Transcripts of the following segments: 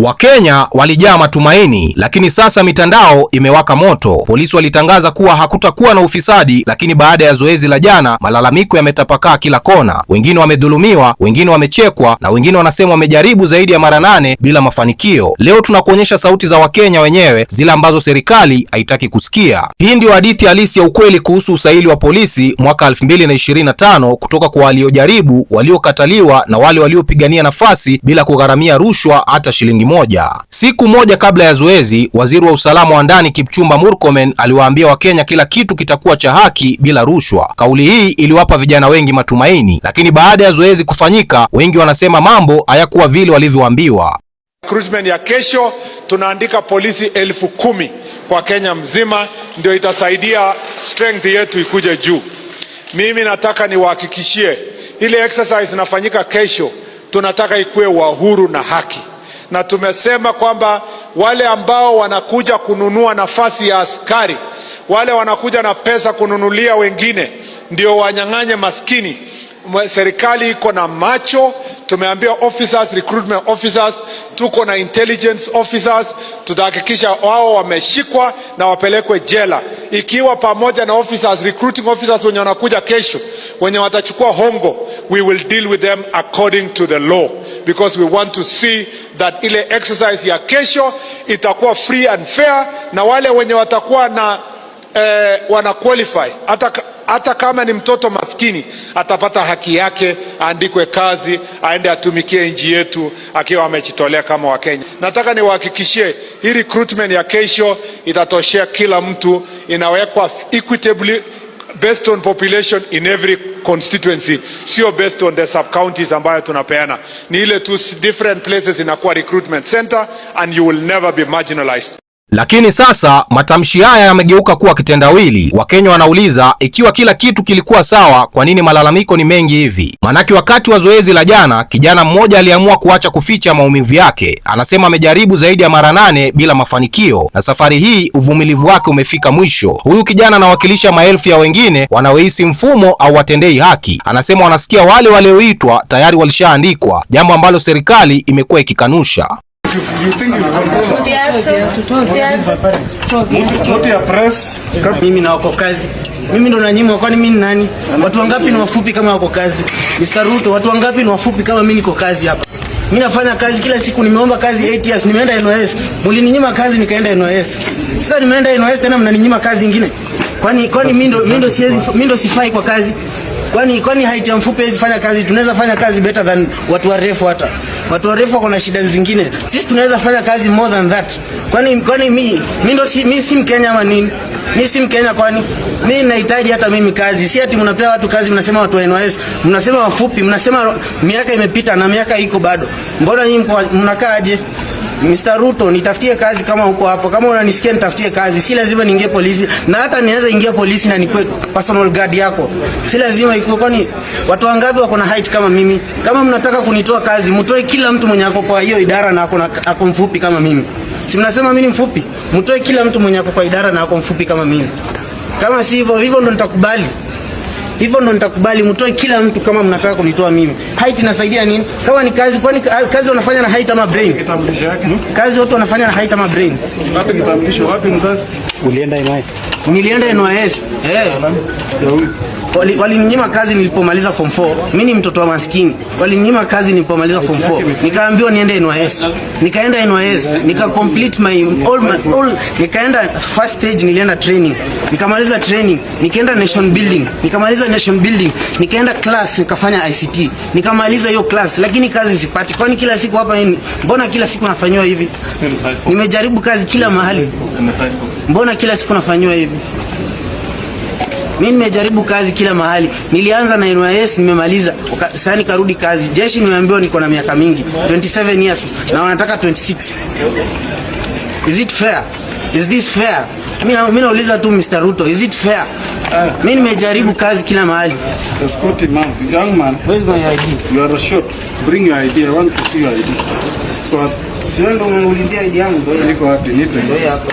Wakenya walijaa matumaini, lakini sasa mitandao imewaka moto. Polisi walitangaza kuwa hakutakuwa na ufisadi, lakini baada ya zoezi la jana, malalamiko yametapakaa kila kona. Wengine wamedhulumiwa, wengine wamechekwa, na wengine wanasema wamejaribu zaidi ya mara nane bila mafanikio. Leo tunakuonyesha sauti za Wakenya wenyewe, zile ambazo serikali haitaki kusikia. Hii ndio hadithi halisi ya ukweli kuhusu usaili wa polisi mwaka 2025, kutoka kwa waliojaribu, waliokataliwa na wale waliopigania nafasi bila kugharamia rushwa hata shilingi moja. Siku moja kabla ya zoezi, waziri wa usalama wa ndani Kipchumba Murkomen aliwaambia Wakenya kila kitu kitakuwa cha haki bila rushwa. Kauli hii iliwapa vijana wengi matumaini, lakini baada ya zoezi kufanyika, wengi wanasema mambo hayakuwa vile walivyoambiwa. Recruitment ya kesho tunaandika polisi elfu kumi kwa Kenya mzima, ndio itasaidia strength yetu ikuje juu. Mimi nataka niwahakikishie ile exercise inafanyika kesho, tunataka ikuwe wa huru na haki na tumesema kwamba wale ambao wanakuja kununua nafasi ya askari, wale wanakuja na pesa kununulia wengine, ndio wanyang'anye maskini. Serikali iko na macho. Tumeambia officers, recruitment officers, tuko na intelligence officers, tutahakikisha wao wameshikwa na wapelekwe jela, ikiwa pamoja na officers, recruiting officers wenye wanakuja kesho, wenye watachukua hongo, we will deal with them according to the law because we want to see that ile exercise ya kesho itakuwa free and fair, na wale wenye watakuwa na eh, wana qualify hata hata kama ni mtoto maskini atapata haki yake, aandikwe kazi, aende atumikie nchi yetu akiwa amejitolea kama Wakenya. Nataka niwahakikishie hii recruitment ya kesho itatoshea kila mtu, inawekwa equitably based on population in every constituency, sio based on the sub counties ambayo tunapeana. Ni ile two different places inakuwa recruitment center and you will never be marginalized. Lakini sasa matamshi haya yamegeuka kuwa kitendawili. Wakenya wanauliza ikiwa kila kitu kilikuwa sawa, kwa nini malalamiko ni mengi hivi? Manake wakati wa zoezi la jana, kijana mmoja aliamua kuacha kuficha maumivu yake. Anasema amejaribu zaidi ya mara nane bila mafanikio, na safari hii uvumilivu wake umefika mwisho. Huyu kijana anawakilisha maelfu ya wengine wanaohisi mfumo au watendei haki. Anasema wanasikia wale walioitwa tayari walishaandikwa, jambo ambalo serikali imekuwa ikikanusha. Mimi na wako kazi, mimi ndo nanyimwa? Kwani mimi ni nani? Watu wangapi ni wafupi kama wako kazi? Mr. Ruto, watu wangapi ni wafupi kama mimi niko kazi hapa? Mimi nafanya kazi kila siku, nimeomba kazi 8 years, nimeenda NOS, mlininyima kazi nikaenda NOS. Sasa nimeenda NOS tena mnaninyima kazi nyingine. Kwani kwani mimi ndo mimi ndo siwezi mimi ndo sifai kwa kazi? Kwani kwani haiti mfupi hizi fanya kazi, tunaweza fanya kazi better than watu warefu hata watu warefu wako na shida zingine, sisi tunaweza fanya kazi more than that. Kwani kwani mi mi ndo si mi si Mkenya ama nini? mi si Mkenya kwani? mi nahitaji hata mimi kazi. Si ati mnapea watu kazi mnasema watu wa NYS, mnasema wafupi, mnasema miaka imepita na miaka iko bado. Mbona nyinyi mnakaaje? Mr. Ruto, nitafutie kazi kama uko hapo. Kama unanisikia nitafutie kazi. Si lazima niingie polisi. Na hata niweza ingia polisi na nikuwe personal guard yako. Si lazima ikuwe kwani watu wangapi wako na height kama mimi? Kama mnataka kunitoa kazi, mtoe kila mtu mwenye ako kwa hiyo idara na ako mfupi kama mimi. Si mnasema mimi ni mfupi? Mtoe kila mtu mwenye ako kwa idara na ako mfupi kama mimi. Kama si hivyo, hivyo ndo nitakubali hivyo ndo nitakubali mtoe kila mtu kama mnataka kunitoa mimi. Height inasaidia nini? Kama ni kazi, kwani kazi wanafanya na height ama brain? Kitambulisho yake. Hmm? Kazi watu wanafanya na height ama brain. Wapi kitambulisho? Wapi mzazi? Ulienda NYS. Nilienda NYS. Eh walininyima wali kazi nilipomaliza form 4. Mimi ni mtoto wa maskini, walininyima kazi nilipomaliza form 4, nikaambiwa niende NYS, nikaenda NYS nika complete my all, my all, nikaenda first stage, nilienda training, nikamaliza training, nikaenda nation building, nikamaliza nation building, nikaenda class, nikafanya ICT, nikamaliza hiyo class, lakini kazi sipati. Kwani kila siku hapa nini? Mbona kila siku nafanywa hivi? Nimejaribu kazi kila mahali, mbona kila siku nafanywa hivi? Mimi nimejaribu kazi kila mahali. Nilianza na NYS nimemaliza. Sasa nikarudi kazi. Jeshi nimeambiwa niko na miaka mingi, 27 years na wanataka 26. Is it fair? Is this fair? Mimi na, mimi nauliza tu Mr. Ruto, is it fair? Mimi ah. nimejaribu kazi kila mahali. Escort man, young man, where is my ID? You are a short. Bring your ID. I want to see your ID. Kwa sio ndo unaulizia ID yangu ndio. Niko wapi? Nipe. Ndio hapo.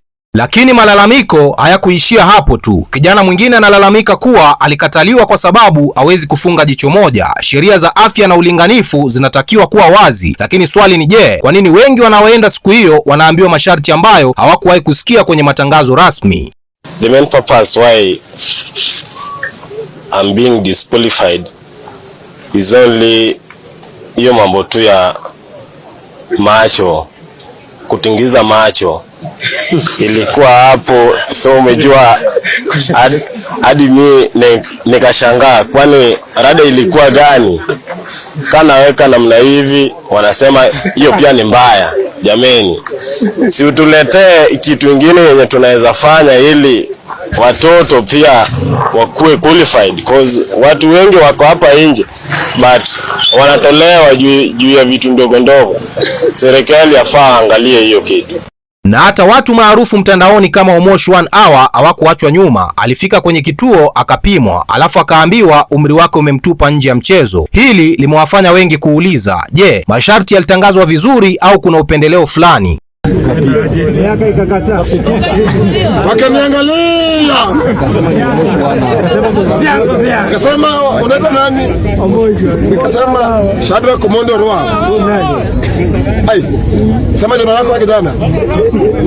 Lakini malalamiko hayakuishia hapo tu. Kijana mwingine analalamika kuwa alikataliwa kwa sababu hawezi kufunga jicho moja. Sheria za afya na ulinganifu zinatakiwa kuwa wazi, lakini swali ni je, kwa nini wengi wanaoenda siku hiyo wanaambiwa masharti ambayo hawakuwahi kusikia kwenye matangazo rasmi? The main purpose why I'm being disqualified is only hiyo mambo tu ya macho, kutingiza macho ilikuwa hapo. So umejua hadi mi nikashangaa, kwani rada ilikuwa gani? Kanaweka namna hivi, wanasema hiyo pia ni mbaya. Jameni, si utuletee kitu ingine yenye tunaweza fanya ili watoto pia wakuwe qualified cause watu wengi wako hapa nje but wanatolewa juu ya vitu ndogo ndogo. Serikali yafaa angalie hiyo kitu. Na hata watu maarufu mtandaoni kama Omosh One Hour hawakuachwa nyuma. Alifika kwenye kituo akapimwa, alafu akaambiwa umri wake umemtupa nje ya mchezo. Hili limewafanya wengi kuuliza, je, masharti yalitangazwa vizuri au kuna upendeleo fulani? Wakaniangalia kasema, unaitwa nani? Nikasema Shadrack Omondi Rwa. Ai, sema jina lako kijana.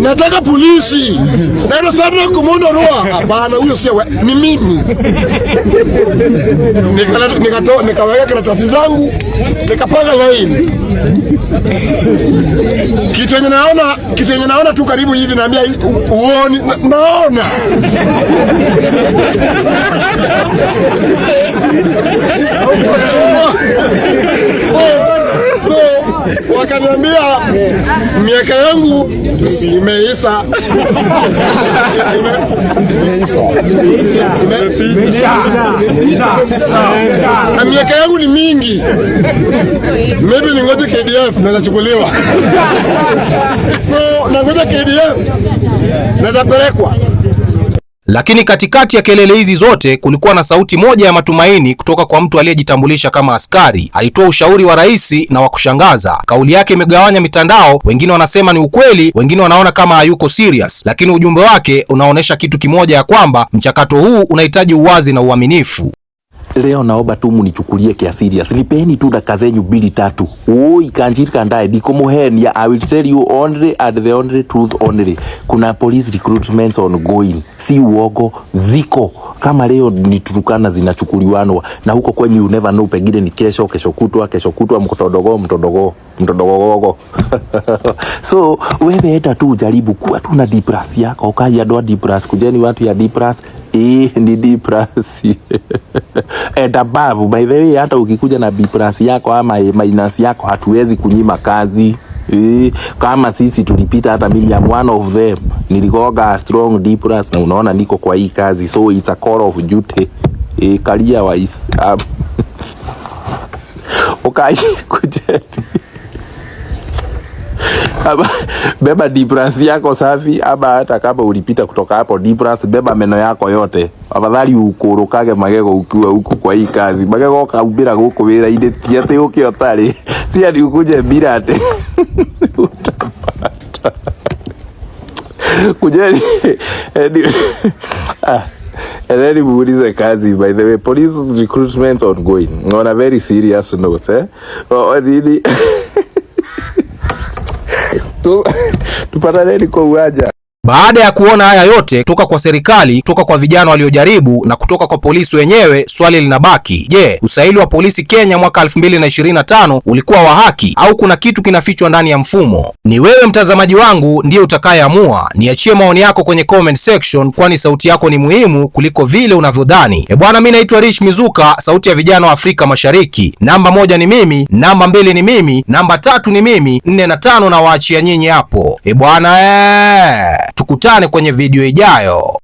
Nataka polisi. Naitwa Shadrack Omondi Rwa. Hapana, huyo sio ni mimi. Nikaweka karatasi zangu nikapanga laini kitu yenye naona kitu yenye naona tu karibu hivi, naambia uoni, naona so, so, wakaniambia miaka yangu imeisha, na miaka yangu ni mingi, maybe ningoje KDF nazachukuliwa, so nangoja KDF nazapelekwa lakini katikati ya kelele hizi zote kulikuwa na sauti moja ya matumaini kutoka kwa mtu aliyejitambulisha kama askari. Alitoa ushauri wa rais na wa kushangaza. Kauli yake imegawanya mitandao, wengine wanasema ni ukweli, wengine wanaona kama hayuko serious, lakini ujumbe wake unaonyesha kitu kimoja, ya kwamba mchakato huu unahitaji uwazi na uaminifu. Leo naomba tu munichukulie kia serious. Nipeni tu dakika zenyu mbili tatu. Oi kanjiri kandae diko muhenia. I will tell you only and the only truth only. Kuna police recruitments ongoing. Si uogo ziko. Kama leo ni Turukana zinachukuliwanwa na huko kwenye you never know, pengine ni kesho, kesho kutwa, kesho kutwa mtodogo mtodogo mtodogo. So wewe eta tu jaribu kuwa tu na depress yako. Ukaja doa depress, kujeni watu ya depress E ni D plus and above. By the way, hata ukikuja na B plus yako ama A eh, minus yako hatuwezi kunyima kazi. Eh, kama sisi tulipita, hata mimi am one of them Nilikoga strong D plus, na unaona niko kwa hii kazi, so it's a call of duty Eh, career wise um, okay, good. Aba, beba dibrans yako safi, ama hata kama ulipita kutoka hapo dibrans, beba meno yako yote. Afadhali ukurukage magego ukiwa huku kwa hii kazi, magego kaumbira guku wira inde ti ati uki otari si ati ukuje bila ati utapata kujeni ah And then muulize kazi. By the way, police recruitment ongoing on a very serious note eh? Oh, Tupataneni kwa uwanja. Baada ya kuona haya yote kutoka kwa serikali, kutoka kwa vijana waliojaribu na kutoka kwa polisi wenyewe, swali linabaki, je, usaili wa polisi Kenya mwaka 2025 ulikuwa wa haki au kuna kitu kinafichwa ndani ya mfumo? Ni wewe mtazamaji wangu ndiye utakayeamua. Niachie maoni yako kwenye comment section, kwani sauti yako ni muhimu kuliko vile unavyodhani. E bwana, mimi naitwa Rich Mizuka, sauti ya vijana wa Afrika Mashariki. Namba moja ni mimi, namba mbili ni mimi, namba tatu ni mimi, nne na tano na waachia nyinyi hapo. E bwana ee. Tukutane kwenye video ijayo.